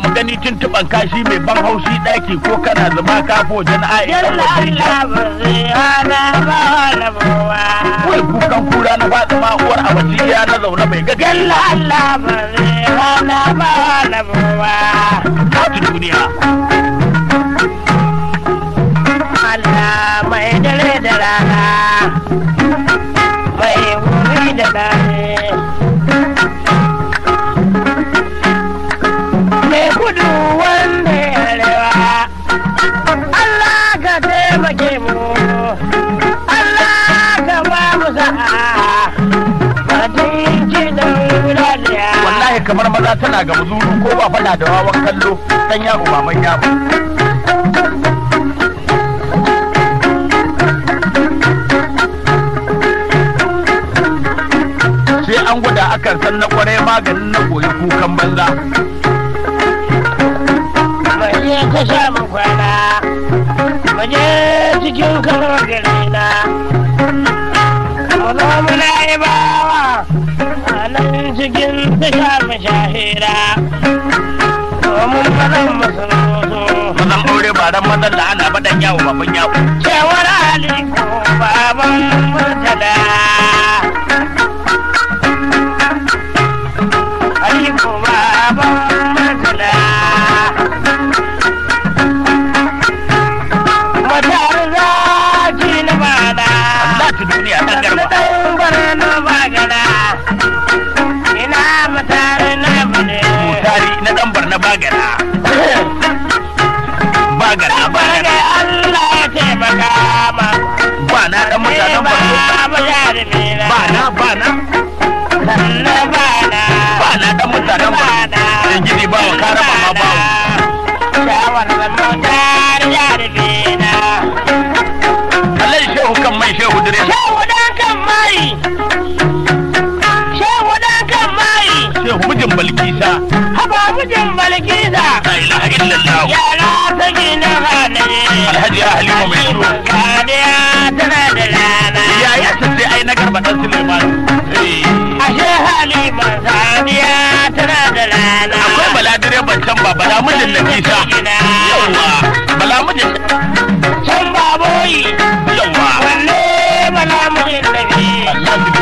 Allah mu gani kin kashi mai ban haushi daki ko kana zama kafo jan idan wai kukan kura na fatima uwar abaciya na zaune mai ga galla Allah ba zai ba na buwa duniya Allah mai dare da rana wallahi kamar maza tana ga muzuru ko ba fada da wawan kallo dan yaro maman yaro sai an gwada akan san na kwarai maganin na koyi kukan banza Ya ta sha min kwana, maje cikin kamar gari na, mu zo mu na da sha mu shahira domin mazan masu zo. aure ba dan mazan ana ba dan yawo bagara bagara bagara Allah ya taimaka ma ba na mutanen ba ba na ba na ba na ba na mutanen ba da gidi ba wa ba ma ba shawar zama tar na shehu kan mai shehu dire shehu dan kan mai shehu dan kan mai shehu mijin balkisa haba mijin alhaji ya halima mai su yaya ta ce ai na garba dan suleiman eh. ashe halima sadiya tana da rana akwai bala direban can ba bala mijin na kisa yawa bala mijin can ba boyi yawa wanne bala mijin na kisa